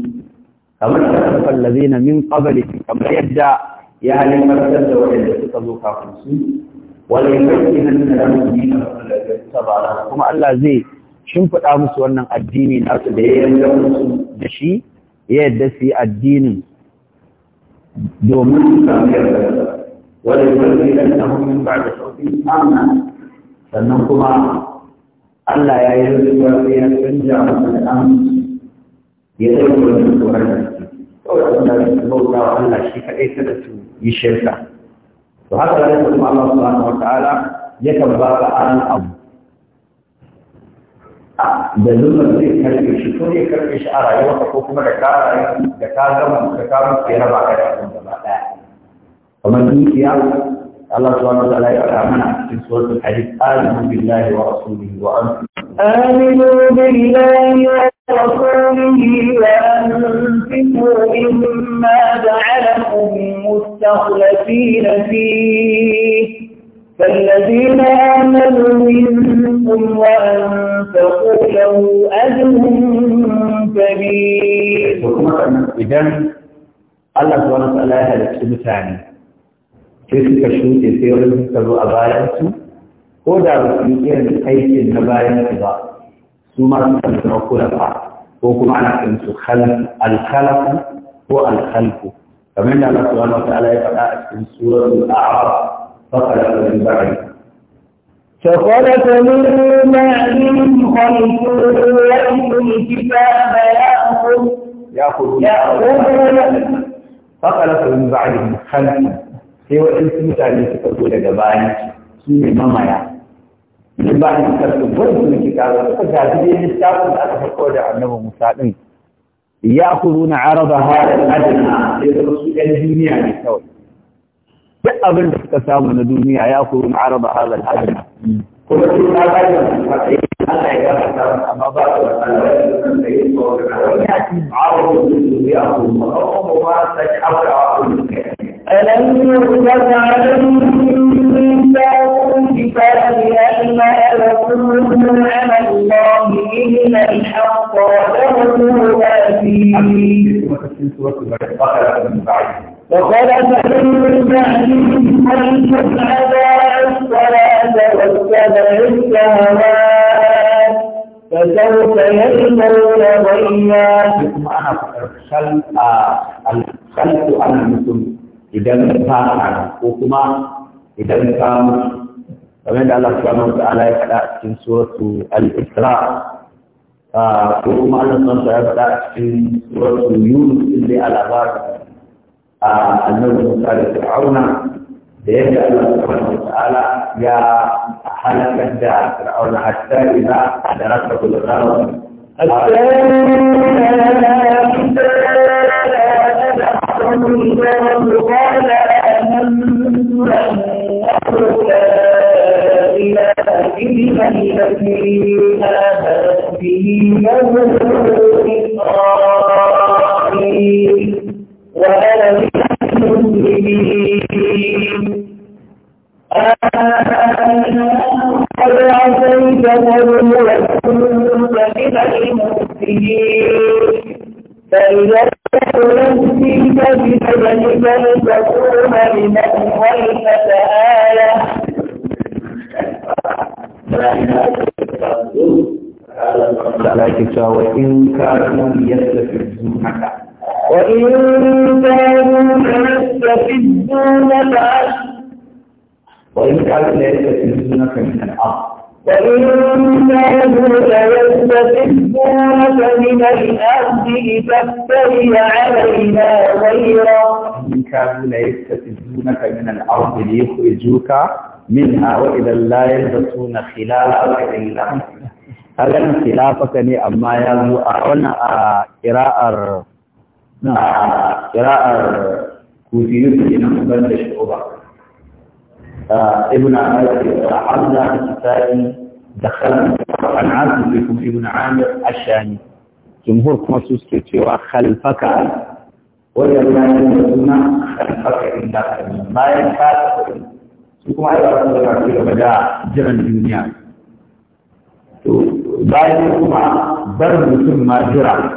كما الذين من قبلكم كما يبدأ ya halin farkar da waɗanda suka zo kafin su wala yake hannun da mu'minin sabara kuma Allah zai shimfiɗa musu wannan addini su da ya yarda musu da shi ya yadda su yi addinin domin su Wani yarda nan yake hannun ba da sautin amma sannan kuma Allah ya yi rantsuwa wasu ya canja musu da amince ya ɗauki wannan tsoron kawai abin da su bauta wa Allah shi kaɗai kada su yi shirka to haka da kuma Allah subhanahu wa ta'ala yakan ba ka aran abu da zuwa zai karfe shi ko zai karfe shi a rayuwarka ko kuma da ka da ka gama da ka mutu ya raba ka da abin gaba ɗaya kamar dukiya الله سبحانه وتعالى يعلمنا في سورة الحديث آمنوا بالله ورسوله وأنفسكم آمنوا بالله ورسوله وأنفسكم مما جعلكم مستخلفين فيه فالذين آمنوا منكم وأنفقوا له أجر كبير. إذا الله سبحانه وتعالى هذا الثاني sai suka shuɗe sai wani suka zo a bayansu ko da ba su yi irin aikin na bayansu ba su ma suka zama kulafa ko kuma ana kan su alkhalafu ko alkhalfu kamar da Allah subhanahu wa ta'ala ya faɗa a cikin suratul a'raf fa qala min ba'di فخلف من بعدهم خلف يأخذ الكتاب يأخذ يأخذ فخلف من بعدهم خلف sai waɗansu mutane su zo daga bayan su ne mamaya ne ba ni kan su gwai su ne karo suka gaji dai littafin da aka farko da annabi musa ɗin ya kuru na araba harin adana sai zama su ɗan duniya ne kawai duk abin da suka samu na duniya ya kuru na araba harin adana kuma su ta ba da matsayi Allah ya gaba amma ba su da Allah ya yi tsawon da ya ci ma'awa da su ya kuru ma'awa ba ta ci abuwa a kullum ألم يرد عليهم ميثاق الكتاب أن لكم على الله إلا الحق وله ما فيه وخلف من بعدهم من أداء الصلاة واتبع الشهوات فسوف يلمون أنا الخلق الخلق عن المسلمين idan ka ko kuma idan ka mutu kamar da Allah subhanahu wa ta'ala ya faɗa a cikin suratu al-Isra ko kuma Allah subhanahu ya faɗa a cikin suratu Yunus din dai al-Azhar a annabi Musa da Fir'auna da yadda Allah subhanahu wa ta'ala ya halakar da Fir'auna hatta idza adraka kullu الإيمان قال آمنت أنه لا إله إلا الذي آمنت به بنو إسرائيل وأنا من المسلمين قد عصيت وكنت من المسلمين فإذا آية. وإن كانوا يستفزونك وإن كانوا يستفزونك وإن كانوا يستفزونك من الأرض وإن كانوا لا يستفزونك إن كانوا من الأرض ليخرجوك منها وإذا لا يلبسون خلافك إلا هذا خلافك ني أما يزو أعونا قراءة آه، قراءة كوفيوك إنهم بند ابن عبد الكتابي دخل عن عاصم بكم ابن عامر الشامي جمهور كمسوس كتوا خلفك ويلا يقولون خلفك إلا كريم ما ينفعك سكم أيضا رسول الله كيلو بدا جرن الدنيا باين كما برد ثم جرع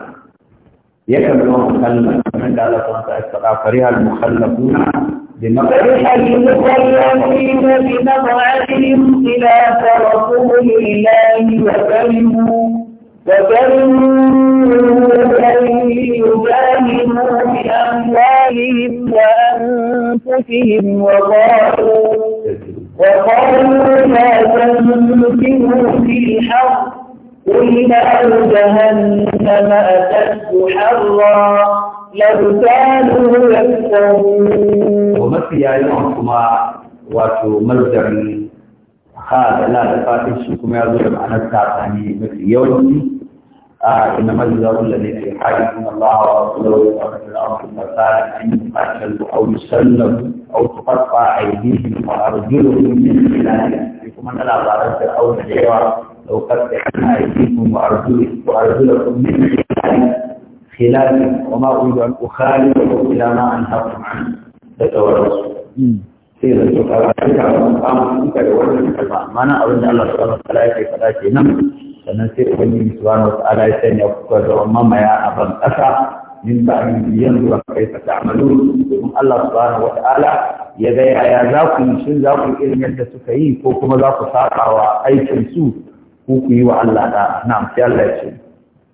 يكمل مخلف من الله سبحانه وتعالى فريها المخلفون بمقرح المخلفين بمقعدهم خلاف رسول الله وكرهوا وكرهوا أن يجاهدوا بأموالهم وأنفسهم وقالوا وقالوا لا في الحق قل نار جهنم أشد حرا لو كانوا يكفرون mafiya yawan kuma wato mazdarin ha da la da fatin shi kuma ya zo da ma'anar tsakani mafi yawanci a inna mazdarin da ne ke hari in Allah wa Rasuluhu ya tsaka da Allah da tsara an yi fashin da au sallam au tufafa aidihim wa arjuluhum min khilal kuma na labaran da au da yawa لو قد احنا ايديكم وارجلكم وارجلكم من خلال وما اريد ان اخالفكم الى ما انهاكم عنه da wasu hmm. sai da su kara an samu samun suka da wannan kalma mana abin da Allah subhanahu wa ta'ala yake faɗa kenan sannan sai ubangiji subhanahu wa ta'ala ya sanya kuka da mamaya a ban ƙasa min ba min biyan zuwa kai ta ta'amalu Allah subhanahu wa ta'ala ya ga yaya za ku yi shin za ku irin yadda suka yi ko kuma za ku saba wa aikin su ku ku yi wa Allah da na'am sai Allah ya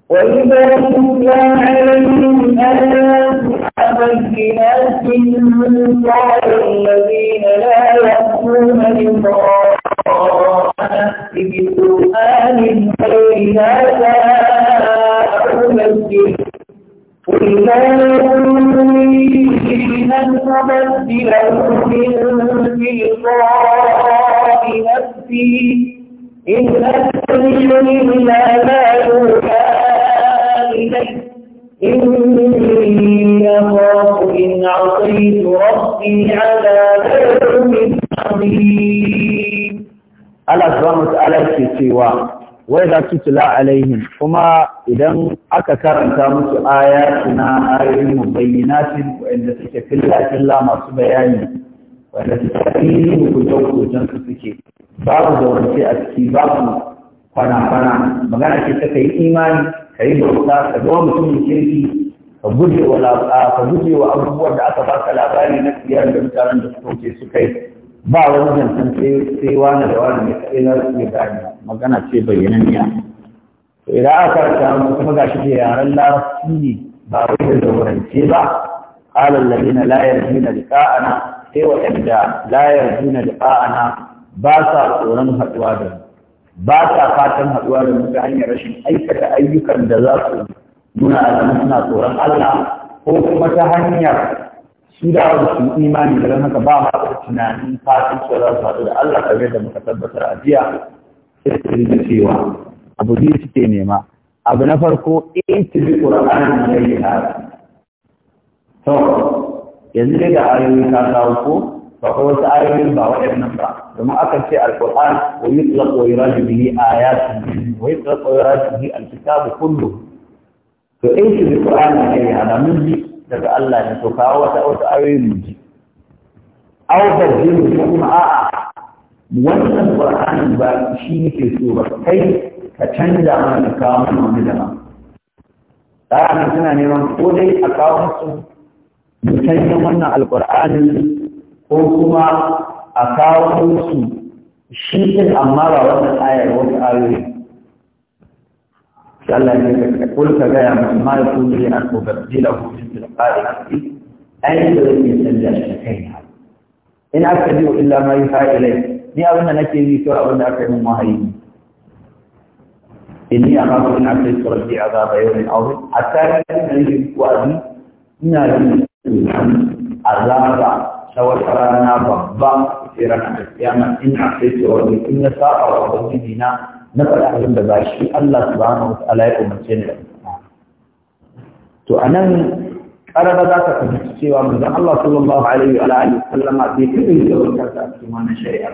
وإذا تتلى عليهم آياتنا بينات قال الذين لا يرجون لقاءنا بقرآن غير هذا أبدل قل لا يكون أن أبدله من تلقاء نفسي إن أتبع إلا ما يوحى إليه إني أخاف إن عصيت ربي عذاب يوم عظيم Allah subhanahu wata'ala ke cewa wai za su tula alaihim kuma idan aka karanta musu ayatuna ayoyi mubayyinatin wanda suke filla filla masu bayani wanda suke fili hukuncin hukuncin suke babu zaurance a ciki babu kwana kwana magana ce ta kai imani ka yi bauta ka zama mutumin kirki ka guje wa ka guje wa abubuwan da aka baka labari na siyar da mutanen da suka wuce su kai, ba wani zancen sai wani da wani mai kaɗai na su gani magana ce bayyananniya to idan aka karanta kuma ga shi da yaren larabci ne ba wai da zaurance ba halin lalina layar jina da ka'ana sai waɗanda layar jina da ka'ana ba sa tsoron haɗuwa da mu ba ta fatan haɗuwa da mutu hanyar rashin aikata ayyukan da za su nuna alamu suna tsoron Allah ko kuma ta hanyar su da su imani da haka ba ma da tunanin fatan su za su haɗu da Allah kamar da muka tabbatar a jiya sai su da cewa abu biyu suke nema abu na farko ita bi ƙur'anin da ya to yanzu dai da ayoyi ka kawo ko ba ko wasu ayoyin ba waɗannan ba domin akan ce alquran wa yutlaq wa yuradu bihi ayatun wa yutlaq wa yuradu bihi alkitab kullum? to in shi alquran ne ana mun ji daga Allah ne to kawo wata wata ayoyi mun ji aw barzin kuma a'a wannan qur'ani ba shi ne nake so ba kai ka canza mana ka kawo mana wani daban ɗaya suna neman ko dai a kawo musu mutanyen wannan alƙur'anin ko kuma a kawo su shi ɗin amma ba wannan ayar wasu ayoyi Allah ne ka kulka gaya masu ma da kuma yi an ko gajila ko cikin alƙari a ciki ayin da zai canja shi kai na in aka biyo illa ma yi fa'ilai ni abin da nake yi kawai abin da aka yi mun wahayi إني أخاف إن عصيت ربي عذاب يوم عظيم حتى يجب وأبي إن عذاب سوى الحرانة ضبا tseren a kiyama in a sai ce wani in ya saba wa ubangiji na na faɗi abin da ba shi Allah subhanahu wa ta'ala ya umarce ni da to anan karaba za ka fahimci cewa manzon Allah sallallahu alaihi wa alihi sallama bai kai da wata a cikin wannan shari'a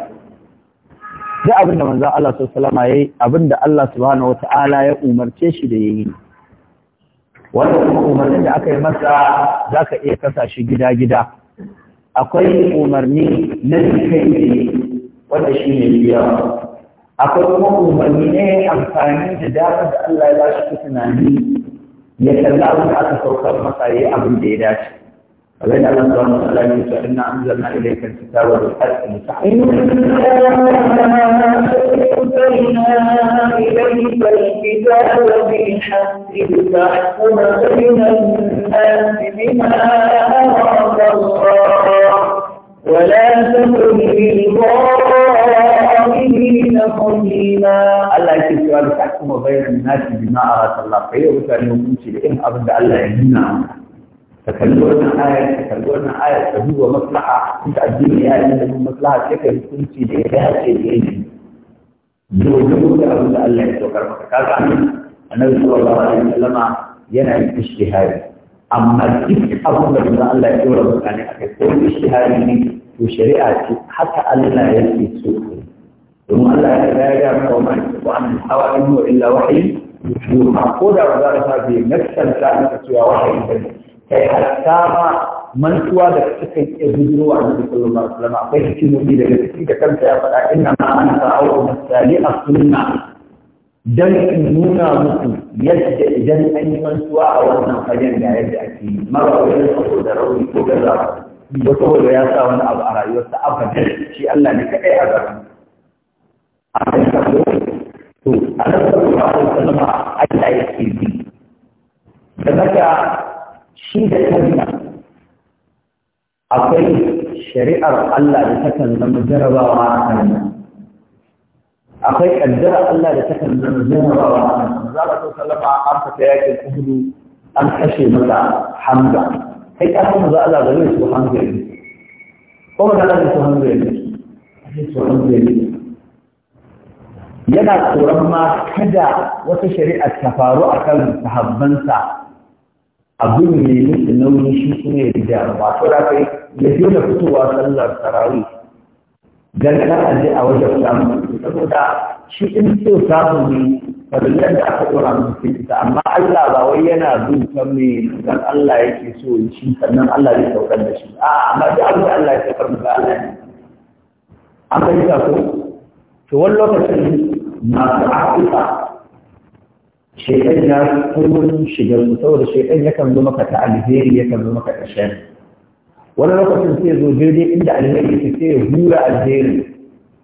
duk abin da manzon Allah sallallahu alaihi wa abin da Allah subhanahu wa ta'ala ya umarce shi da yayi wanda kuma umarnin da aka yi masa za ka iya kasa shi gida-gida akwai umarni na ne wanda shi ne biya akwai kuma umarni ne amfani da damar da Allah ya ba shi tunani ya kalla abin da aka saukar masa ya abin da ya dace ان الله سبحانه إنا أنزلنا إليك الكتاب بالحق بين الناس بما الله ولا تكن للظالمين خذيلا الله يكتب تحكم بين الناس بما اراد الله خير وسأل يمكن شيء إن أبدا الله يهدينا تكلموا لنا آية تكلموا لنا آية فهو مصلحة أنت أديني آية أنت مصلحة شكل كنتي لإيجاد الإيجاد domin da abin da Allah ya saukar maka ka ga annabi sallallahu alaihi wasallam yana yin ishtihari amma duk abin da manzo Allah ya dora mutane akai ko ishtihari ne to shari'a ce haka Allah yake so domin Allah ya ga ya ga ma wa an hawa innu illa wahyi yuha ko da ba za ka bi nafsan ta ka cewa wahyi ne kai hatta ma mantuwa da suka yi bujiro a nabi sallallahu alaihi wasallam akwai hikimomi daga ciki da kanta ya faɗa inna ma ana ta'awu masali a sunna dan in nuna muku yadda idan an yi mantuwa a wannan fagen ga yadda ake yi mara wajen da rauni ko gaza ko saboda ya sa wani abu a rayuwarsa abadan shi Allah ne kaɗai a gaban a kan sabo to a nan sabo a kan sallama Allah yake bi da haka shi da kansa akwai shari'ar Allah da takan zama jarabawa a kan akwai ƙaddara Allah da takan zama jarabawa a kan za ka so sallama an fata yakin kudu an kashe masa hamza kai ƙasar za Allah zai su hamza ne ko ba za su hamza ne su hamza ne yana tsoron ma kada wata shari'a ta faru akan sahabbansa abin mai nufi nauyi shi kuma ya rija ba to da kai ya daina fitowa sallar tarawi dan ka aje je a wajen samu saboda shi in so samu ne fadilan da aka dora musu ita amma Allah ba wai yana dukan me dan Allah yake so shi sannan Allah zai saukar da shi a amma da abin da Allah ya saukar da Allah ne an kai ta ko to wani lokacin masu afirka shaitan ya kullum shigar su saboda shaitan yakan zo maka ta alheri yakan zo maka ta wani lokacin sai zo daidai inda alheri ke sai ya hura alheri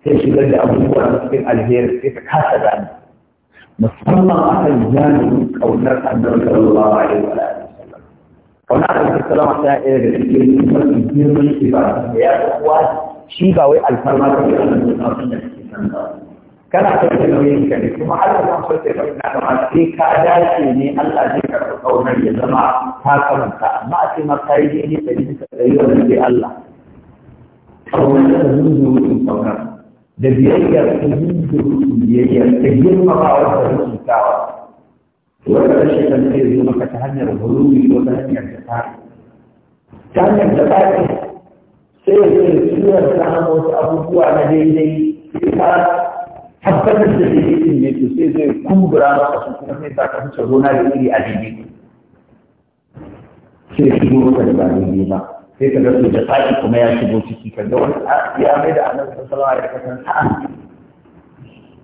sai shigar da abubuwa na cikin alheri sai ka kasa gani musamman a kan jami'in kaunar annabi sallallahu alaihi wa sallam wani abin da salama ta iya da cikin mafi girman ibada da kuwa shi ba wai alfarma ta yi da ke san ba kana sauke nauyin ka ne kuma Allah zan sauke nauyin na kama sai ka dace ne Allah zai ka kaunar ya zama ta karanta amma a ce maka yi daidai ɗari bisa ɗari wani sai Allah kaunar da zuzurutun kaunar da biyayyar ta zuzurutun biyayyar ta girmamawa da rubutawa wanda rashin kan zai zo maka ta hanyar hulumi ko ta hanyar da ta ta hanyar da ta sai ya ce suyar ta hana wasu abubuwa na daidai sai ta. tabbatar da dalilin ne to sai zai kumbura maka su kuma sai sa ka fice gona da iri a jini sai shigo maka da ba daidai ba sai ka ga su da tsaki kuma ya shigo ciki ka ga wani ya mai da annabi sallallahu alaihi wasallam sa'a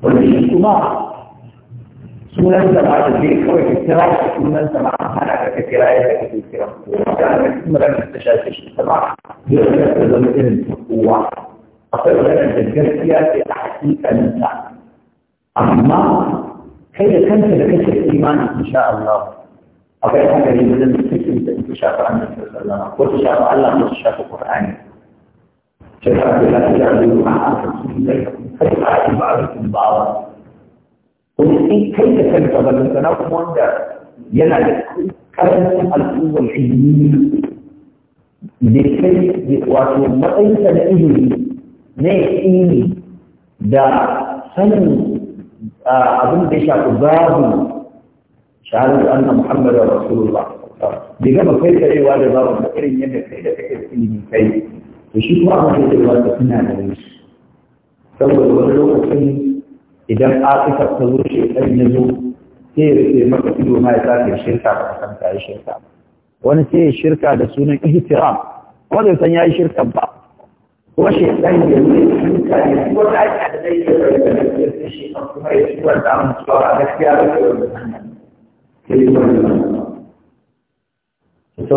wanda shi kuma sunan sa ba da zai kawai ka kira sunan sa ba hana ka ka kira yadda ka ke kira ko da kuma ranar ta shafe shi ta ba zai zama irin uwa akwai maganar da gaskiya ce da hakikalin ta amma kai da kanta da kake imanin insha Allah akwai hankali wajen da kake da ita shafa annabi sallallahu alaihi ko ta shafa Allah ko ta shafa Qur'ani ce ta ce la tajalu ma'a rasulillahi kai ba a ibadatin bawa kuma in kai da kanta ba da sana kuma wanda yana da karancin al'ummar ilimi ne kai wato matsayinsa na ilimi na yaƙini da sanin abin da ya shafi babu shahadar annan muhammadu ruwa da gaba kai karewa da babu da irin yadda kai da kake da ilimin kai da shi kuma abin da ya da suna da wani saboda wani lokacin idan afirka ta zo shekaru ya zo sai ya rufe maka ido ma ya sake shirka ba san ta yi shirka wani sai ya shirka da sunan ihtiram wanda san ya yi shirka ba وشيء ثاني يقول أشهد ليس الشيطان يقول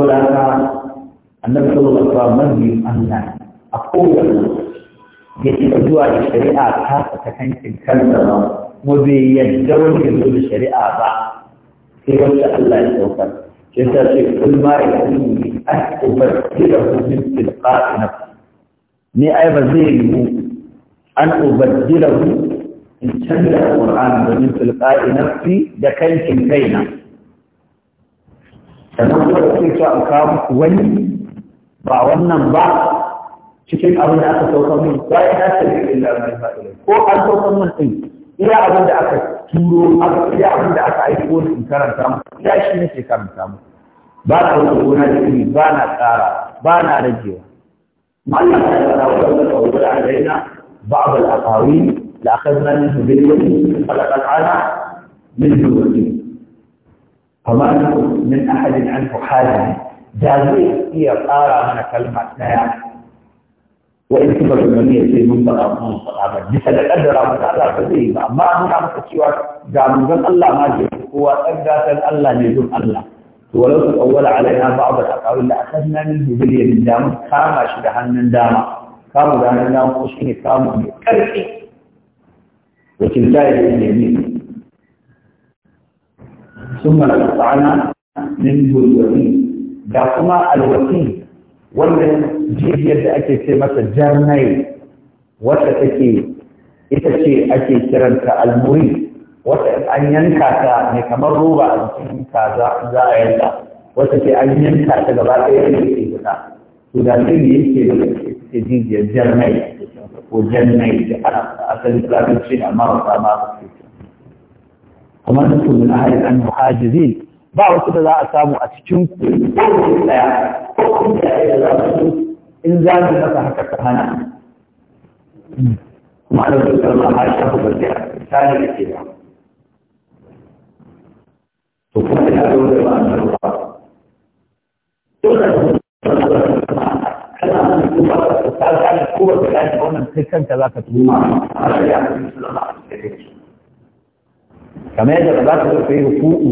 دعم أنا النبي صلى الله عليه وسلم من أن أقول يتبدو على الشريعة خاصة كان تنكلم وبيدعون يدعون الشريعة بعض في وجه الله يتوكل كيف كل ما يكون أن أبدله من تلقاء نفسي ni ai ba zai mu an ubaddila ku in canza da min tilqa'i nafsi da kankin kaina sannan kuma da suke cewa kawo muku wani ba wannan ba cikin abin da aka sauka min ba ya dace da illa ma ya ko an sauka min din iya abin da aka turo iya abin da aka aiko ni in karanta mu iya shi ne ke karanta mu ba ka wani gona da ba na ƙara ba na rajewa معلم وقد علينا بعض الأقاويل لأخذنا منه باليمين فلقد على من باليمين فما من أحد عنه حاجة جازية هي قارة من كلمة نيا وإن كنت بالمنية في منطقة منطقة مثل الأدرى من هذا فزيه ما أمنا مكتشوات جامل الله ما جيه هو أدرى الله نجم الله ولو تطول علينا بعض الأقاويل لأخذنا منه باليد الدامة كاما شبها النندامة كاما دامة نام وشكني كاما كرسي وتلتاي باليدين ثم قطعنا منه الوثيق دعكما الوثيق والذي جيب يد أكي سيمة الجرنين وتتكي إتكي أكي سيرنك المريد wata an yanka ta ne kamar roba a cikin kaza za a yanka wata ce an yanka ta gaba ɗaya ne ke fita to da sun yi yake da ke jijiyar jannai ko jannai da ana asalin tsarin amma ba ta ma kamar da su min ahadin an muhajirin ba wasu da za a samu a cikin ku ɗaya ko in za mu masa haka ta hana kuma ana da tsarin ahadin ta ku ba ta da ke ba kuma ya zo da ba a ruwa dole kana nan kuma ka ga kuma ka ga wannan kai kanka zaka tuma Allah ya yi sallama kamar yadda ba za ka zo kai ruku'u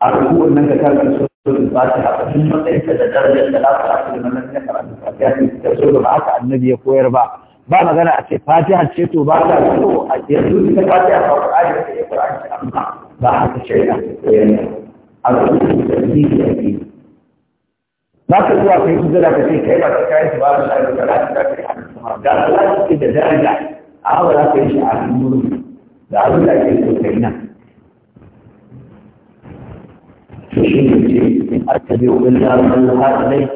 a ruku'un nan ka karanta suratul fatiha ba duk matsayin ka da darajar da za ka rasu da nan ka karanta fatiha da suratul ba haka annabi ya koyar ba ba magana a ce fatiha ce to ba ta so a yanzu ita fatiha ba ku ajiye ta ya ku ajiye amma ba haka shari'a a da zuwa kai su zira ka ce kai ba ka kayan su ba ka da ka lafi da daraja a hawa za ka yi shi a hannun da abin da ake so kai nan to shi ne ce in aka biyo in zarar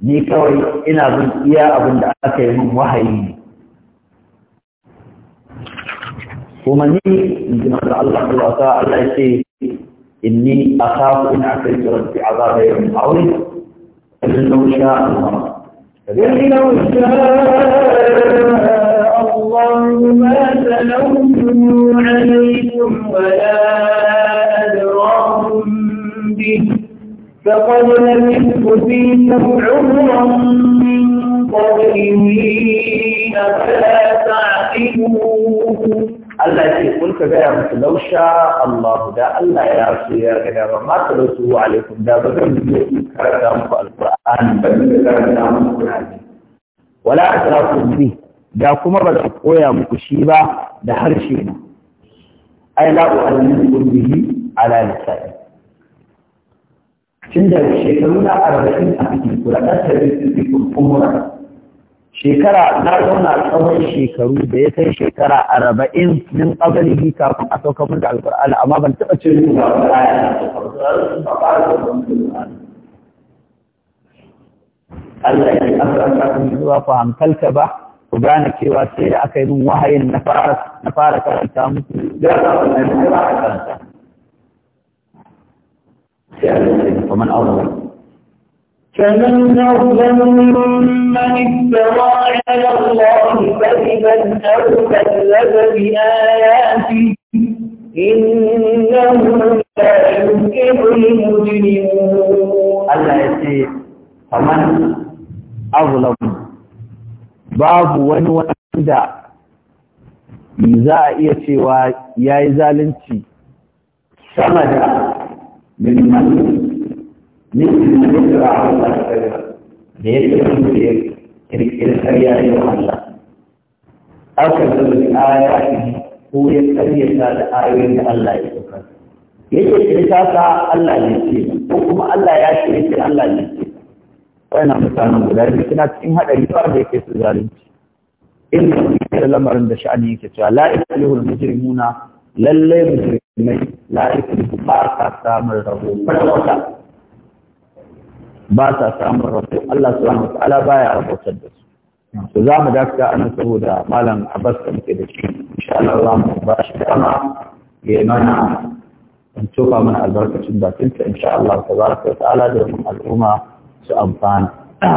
ni kawai ina bin iya abin da aka yi min wahayi ومني من الله الوطاء العسي إني أخاف إن أعطيت ربي عذاب يوم عظيم فإنه شاء الله فإنه شاء الله ما تلوم عليكم ولا أدراكم به فقد لبثت فيكم عمرا من قبله أفلا Allah ya ce kun ka gaya musu lausha Allah da Allah ya rasu ya gada ba ma ta rasu wa alaikum da ba zan yi karanta muku alqur'ani ba zan karanta muku qur'ani wala a asrafu bi da kuma ba zan koya muku shi ba da harshe na ai la u'allimukum bihi ala lisani tun da shekaru na arba'in a cikin kula ɗan tarihi cikin umura shekara na zauna tsawon shekaru da ya kai shekara arba'in min ƙabalihi kafin a sauka mun da alƙur'ani amma ban taɓa cin yin Allah ya yi aka zuwa fahimtalka ba ku gane cewa sai da aka yi min wahayin na fara na fara karanta muku da karanta. Sai Allah ya yi kuma فمن أظلم ممن افترى على الله كذبا أو كذب بآياته إنه لا المجرمون الله فمن أظلم باب za a iya cewa ya yi zalunci sama da mimman Wani mutanen guda ne suna cikin haɗari far da yake su zalunci. Inda suke da lamarin da sha'ani yake cewa la'ika lihul mujrimuna lallai mujrimai la'ika lihul ba ka samun rabo. Fata wata ba sa samun rabu Allah subhanahu wa ta'ala baya rabautar da su to za mu dakta ana saboda malam Abbas da muke da shi insha Allah za mu ba shi dama ya mana in tofa mana albarkacin ta insha Allah tabaraka wa ta'ala da al'umma su amfana